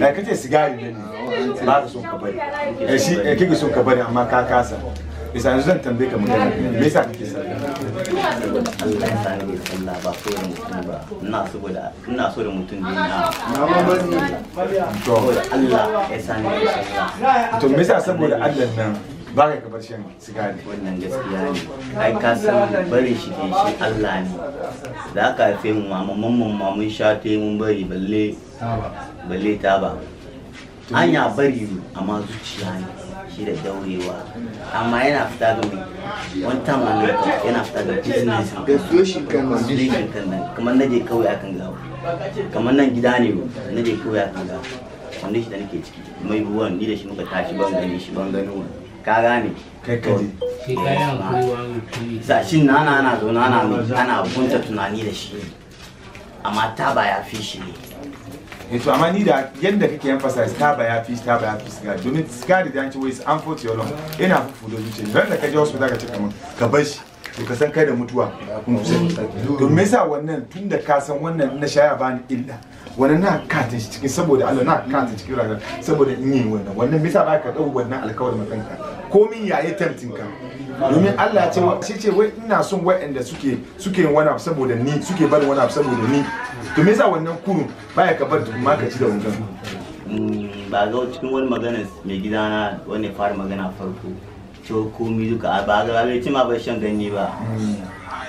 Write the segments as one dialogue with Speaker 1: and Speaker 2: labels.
Speaker 1: da eh, kace sigari ne ba ka son ka bari eh shi eh kike son ka bari amma ka kasa bisa yanzu zan tambaye ka magana me yasa kake sallah Allah ba da mutum ba ina so da ina so da mutum to Allah ya sani to me yasa saboda Allah nan ba ka bar shan sigari wannan gaskiya ne ai ka san bari shi ke shi Allah ne da aka haife mu
Speaker 2: ma mamman ma mun sha te mun bari balle balle ta ba an ya bari amma zuciya ne shi da daurewa amma yana fita da mai wani time an yana fita da business da social connection kamar na je kawai akan gawa kamar nan gida ne na je kawai akan gawa wanda shi da nake ciki mai ruwan ni da shi muka tashi ban gani shi ban gani wani ka gane za shi na na na zo na na ana gunta tunani da shi
Speaker 1: amma taba
Speaker 2: ya fi shi ne
Speaker 1: eh, to amma ni da yadda kake emphasize ba ya fi ta ba ya fi sigari domin sigari da yanci wai is an foti yolon yana fufudo zuciya ran da ka je hospital ka ce kamar ka bar shi to ka san kai da mutuwa kun kusa to me yasa wannan tun da ka san wannan na shaya ba ni illa wannan na katin shi cikin saboda Allah na katin cikin rayuwa saboda in yi wannan wannan me yasa ba ka dau wannan alƙawarin kanka komin ya yi tempting ka domin Allah ya ce shi ce wai ina son waɗanda suke suke wani abu saboda ni suke bar wani abu saboda ni to me yasa wannan kurun baya ka bar ma ka ci da wankan mm, ba
Speaker 2: ga cikin wani magana mai gidana wani fara magana farko cewa komi duka ba ga bai ci ma bai shan ganye ba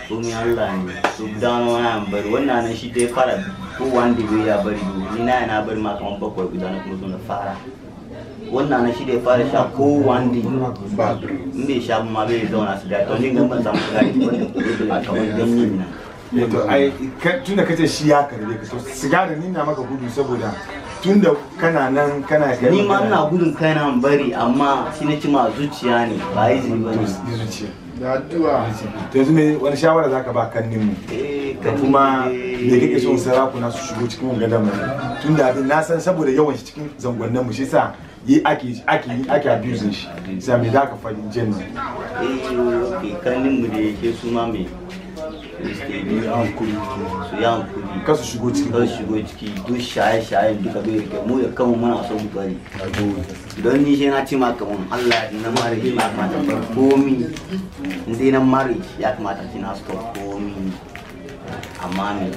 Speaker 2: komi Allah ne to dan wannan bari wannan shi dai fara ko wanda ya bari ni na yana bari ma kamar bakwai gidana kuma sun fara wannan na shi da ya fara sha ko wandi in bai sha ma bai
Speaker 1: zauna su da tonin gan ban samu gari wanda a kamar ganyen nan eh, to ai tunda kace shi ya karbe ka so sigara ni na maka gudu saboda tunda kana nan kana kai ni ma
Speaker 2: ina gudun kaina in bari amma shi na cima zuciya ne ba izini ba ne zuciya
Speaker 1: da addu'a to yanzu me wani shawara zaka ba kan mu eh, da kuma da kake son sarakuna su shigo cikin gadan mu tunda abin na san saboda yawan shi cikin zangonnan mu shi sa yi ake ake yi ake abusing shi sai me d'a ka faɗi jin nan eh ke kanin mu da yake su ma me su ya hankuri
Speaker 2: kasu shigo ciki kasu shigo ciki duk shaye-shaye duka bai rike mu da kanmu muna son mu bari don ni shi na ce ma kaman Allah na mare ya kamata bar komi in dai na mare ya kamata kina stop komi amma ne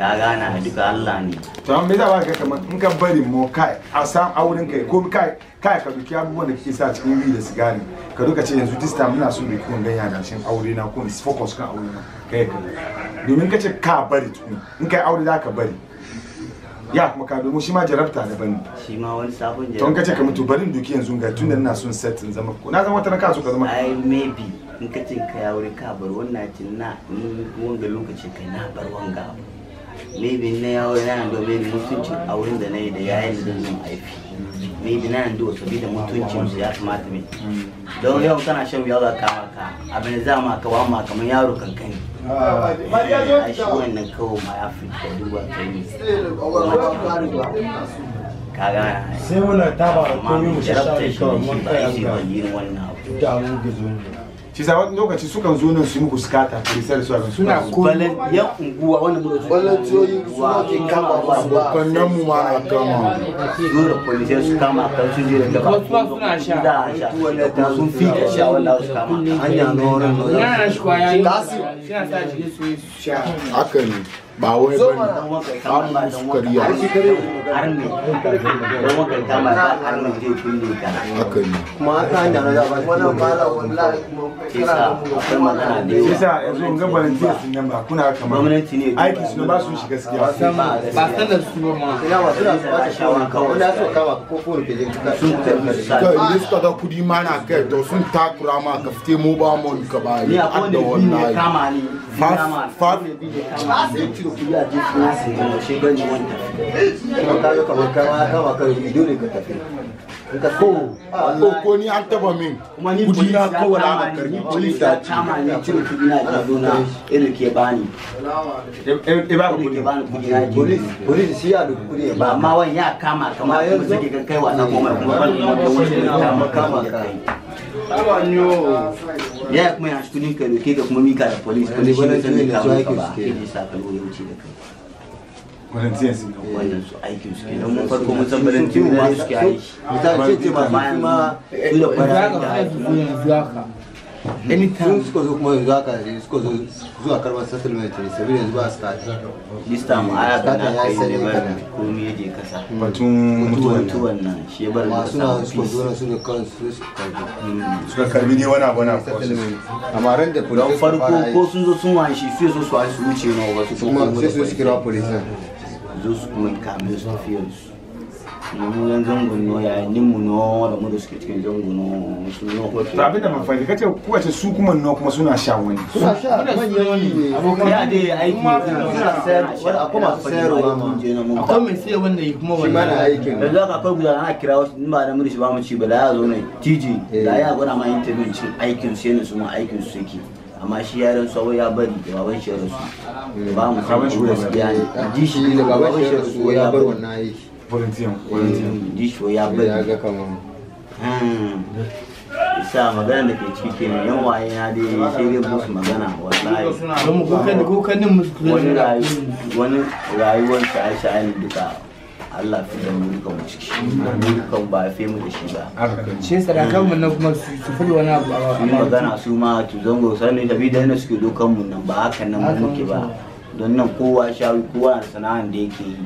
Speaker 2: ka gana duka Allah ne
Speaker 1: to me za ba ka kaman in ka bari mu kai a san auren kai ko kai kai ka duki abubuwan da kike sa cikin bi da sigari ka duka ce yanzu this time ina so bai kun ganya da shin aure na ko in focus kan aure na kai ka domin ka ce ka bari tukun in kai aure za ka bari ya kuma ka domin shi ma jarabta da bani shi ma wani sabon jarabta don ka ce ka mutu barin duki yanzu ga tunda ina son set in zama ko na zama wata na ka so ka zama ai maybe
Speaker 2: in ka ce ka ya ka bar wannan tin na wanga lokaci kai na bar wanga abu
Speaker 1: maybe na yawo na do maybe mutuncin auren da na
Speaker 2: yi da yayin da zan haifi maybe na do saboda mutuncin su ya kamata mai don yau kana shan yawo ka kama ka abin za ma ka wa ma kamar yaro kankani
Speaker 1: a shi wannan
Speaker 2: kawo ma ya fi da duba kai ne kaga sai muna taba ko mu shi kawai mun kai shi wannan abu da
Speaker 1: mun gizo ne shi sa wani lokaci sukan zo nan su yi muku skata kirisa da sauran suna balan yan unguwa wanda muka balantiyoyi suna ke kama ba kan nan mu ma a kama da polisai
Speaker 2: su kama kan su je da ba wasu suna sha da sha da sun fi da sha wanda su kama hanya na wurin na shi kwaya yi kasi suna sa shi su sha haka ne ba wai ba ne an sukari ya haka ne kuma haka an da na wannan bala wallahi kuma
Speaker 1: kira da yanzu ga balanti sun nan ba kuna kamar ne aiki su ba su shi gaskiya ba san da su ba ma ya wa su ba shawara kawai da su kawa ko ko rufe da ka sun tabbata kai idan suka ga kudi ma na kai to sun takura ma ka fite mobile money ka ba ni a da wallahi kama ni 5 5 kuya je kuma su yi shi gani wanda. Kuma kaga kamar kama kama kan dole ka tafi. ko ko ah, ko ni an taba min kuma ni kudi na ko wala bakar ni police
Speaker 2: ta ci ma ne cire kudi na da zo na ke bani
Speaker 1: e ba
Speaker 2: eh, eh, kudi ke bani kudi na police police shi ya da kudi ba amma wani ya kama kama kuma sake kan kai wasa kuma kuma ban da wani ya kama kama kai ya kuma ya shi kudin ka ne ke kuma mika da police police shi ne sanin ka ba ke ne ka wuce da kai volunteers su aikin su kenan mun farko mun san volunteer ne suke aiki ta ce ce ba su da kuma zuwa karbar settlement ne saboda yanzu su kaji lista a aya kana ya yi sani ba komai yake kasa batun mutuwan nan shi bar mu na suna suka zo na suka kan hmm. su ka karbi ne wani abu na settlement amma ran da police farko ko sun zo sun wani sai su su wuce na su kuma sai su kira police zo su kuma kame su tafiyansu mu yan zangon
Speaker 1: no yayin mu no da mu da suke cikin zangon su no ko to abinda ban fahimta kace ko wace su kuma no kuma suna sha wani suna
Speaker 2: sha wani abokan ya dai aiki suna sayar wani akwai masu sayarwa ma akwai mai sayar wanda yi kuma wani mana aikin da za ka akwai ana kira wasu ba da murishi ba mu ci ba da ya zo ne tiji eh. da ya gwada ma yin tabin cin aikin su yana su ma aikin su amma shi yaren sawo ya bari da baban shi rasu eh, ba mu san shi gaskiya ne eh, ji shi ne da baban shi rasu ya bar wannan aiki volunteer eh, volunteer ji shi ya bari ya ga kaman hmm. sa magana da ke ciki kenan yan waye na dai sai dai musu magana wallahi kuma kokarin kokarin musu wani rayuwar wani ta aisha ne duka Allah fi da mulkan mu ciki mulkan ba fe mu da shi ba shi sadakan mu nan kuma su fi wani abu a ba magana su ma tu zango sanin tabi da na suke dokan mu nan ba hakan nan mu muke ba don nan kowa shawi kowa na sana'an da yake yi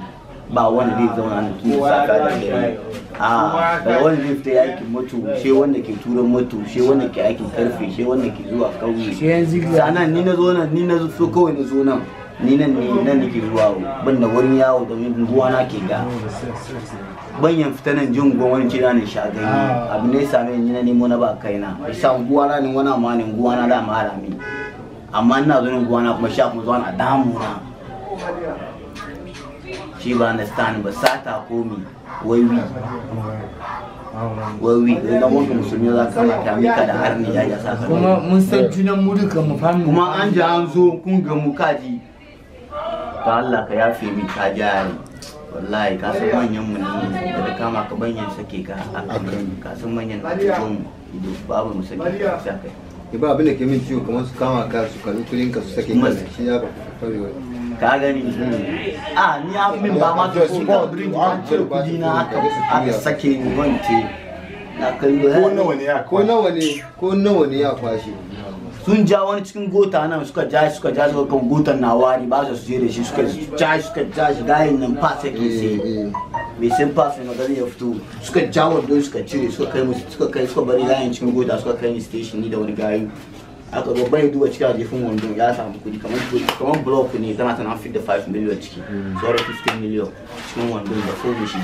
Speaker 2: ba wanda zai zauna na tun saka da gari a da wanda zai fita yakin mutu she wanda ke turan mutu she wanda ke aikin karfe she wanda ke zuwa kauye sanan ni na zo nan ni na zo kawai na zo nan ni nan ne nan nake zuwa ban da wurin yawo domin ruwa na ke ga Ban yan fita nan jin gwamnati kira ne sha gani ah. abin da ya same ni na nemo na ba kai na. sha guwa na ne wani amma ne guwa na da ma harami amma ina zo ni guwa na kuma sha kuma zuwa na damu na shi ba stan ba sata komi waiwi wawi na wanka musulmi za ka maka mika da harni ya ya sa kuma mun san junan mu duka mu fahimta kuma an ji an zo kun ga mu kaji ka Allah ka yafe min ka ja ni wallahi ka san manyan mu ne da kama ka banyan sake ka ka san manyan na ido babu mu sake ka sake ni ba abin da ke min ciwo kamar su kama ka su kalu kulin ka su sake ka shi ya ka farewa ka gani a ni a min ba ma su ko ba birin ba kudi na aka aka sake ni wance na kallo ko nawa ne ya ko nawa ne ko nawa ne ya kwashi sun ja wani cikin gota nan suka ja suka ja shi kan gotan na wari ba su jere da shi suka ja suka ja shi gayin nan pass ke sai bai san pass ne magana ya fito suka ja wando suka cire suka kai musu suka kai suka bari gayin cikin gota suka kai ni station ni da wani gayu aka ga bai duba cikin jefin wando ya samu kudi kamar kamar block ne tana tana fit da 5 million ciki hmm. sauran 15 million cikin wando da fomi shi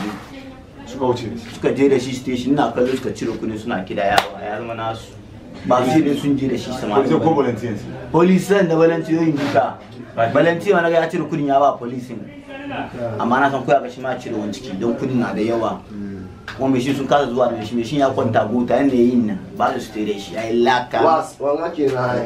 Speaker 2: suka wuce suka je da shi station ina kallon suka cire kudin suna kidaya ya zama nasu ba sai sun je da shi sama ko ko volunteers police da volunteering duka volunteer wani ya cire kudin ya ba police amma na san koya ga shi ma cire wani ciki don kudin na da yawa kuma mai shi sun kasa zuwa da shi mai shi ya kwanta gota yanda yayin nan ba su su tere shi ya yi laka wanga ke na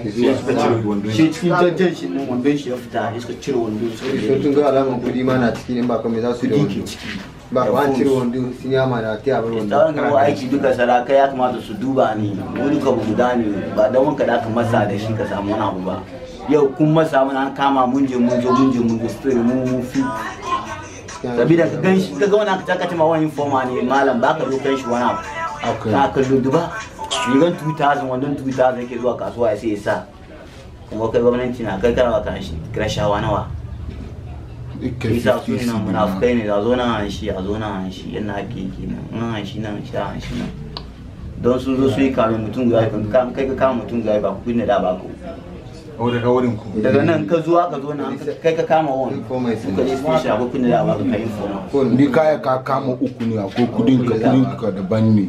Speaker 2: shi cikin jajjan shi nan wandon shi ya fita ya suka cire wandon su tun ga alaman kudi ma na ciki ne ba kuma za su da wandon ciki ba ba an cire wando sun ya mana ta yabar wando ta wani aiki duka saraka ya kamata su duba ni mu duka mu guda ne ba dan wanka da aka masa da shi ka samu wani abu ba yau kun masa mana an kama mun je mun je mun je mun je mun fi sabida ka gan shi ka ga wani aka taka ta ma wani foma ne malam ba ka zo kan shi wani abu ka ka duba rigan 2000 wandon 2000 yake zuwa kasuwa ya sai ya sa kuma kai gwamnati na kai kana wa kan shi kira shawa nawa isa su yana munafukai ne a zo nan hanshi a zo nan hanshi yana ake yake nan nan hanshi nan sha hanshi nan don sun zo su yi kamin mutum guda kan kai ka kama mutum guda ba ku ne da ba ku
Speaker 1: o daga wurin ku daga nan
Speaker 2: ka zuwa ka zo nan kai ka kama wani suka je su sha ko kunne da ba ka kai fona ni
Speaker 1: kaya ka kama uku ne ko kudin ka kudin ka daban ne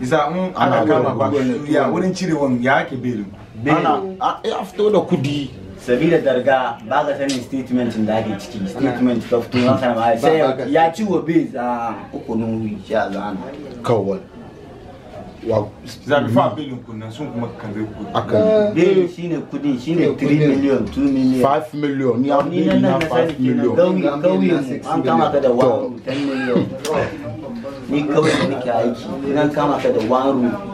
Speaker 1: isa in ana kama ba ya wurin cirewan ya ke belin
Speaker 2: ana a fito da kudi sabida darga ba ka sanin statement da ake ciki statement ka fito na sana ba sai ya ci
Speaker 1: wa biz a uku nun wi sha zana kawai wa zabi fa bilin kunan sun kuma kan zai kudi aka bilin eh, shine kudin shine 3 million 2 million 5 million ni an bilin na 5 million kauyen an kama ka da 1
Speaker 2: 10 million ni kawai ne nake aiki nan kama ka da 1 rubu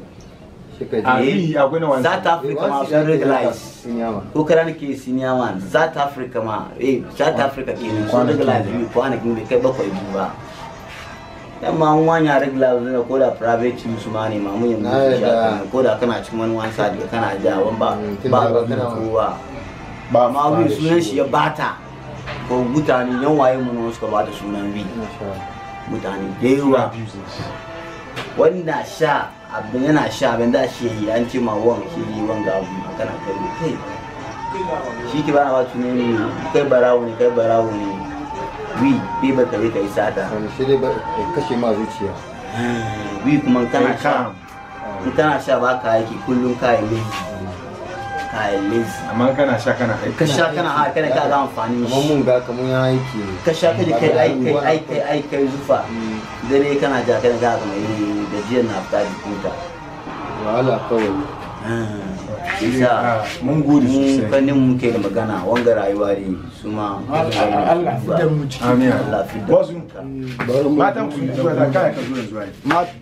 Speaker 2: Ah, south africa ma ke ma ke ne kai bakwai ba dan ma mun wanya regular ko da private use ma ne ma mun yanzu ko da kana cikin wani wani sadi kana wani ba mm, ba kana kowa ba ma wani sunan shi ya bata ko mutane yan waye mun suka bata sunan bi mutane da yawa wanda sha abin yana sha abin da shi yi an ce ma wan shi yi wan ga abu a kana kai ne kai shi ke bana wato ne ne kai barawo ne kai barawo ne wi bai ba kare kai sata shi dai ba kashe ma zuciya wi kuma kana sha in kana sha ba ka yake kullum ka yi laifi ka yi laifi amma kana sha kana aiki ka sha kana aiki kana ka ga amfani shi mun ga kamun ya aiki ka sha kaje kai aiki kai aiki zufa mm. dare kana ja kana ga kamar yi gajiyar na fita jikinta wahala kawai isa mun gudu sosai kanin muke da magana wanga rayuwa ne su ma Allah fidan mu ciki amin Allah fidan
Speaker 1: matan ku da kai ka zo yanzu
Speaker 2: ai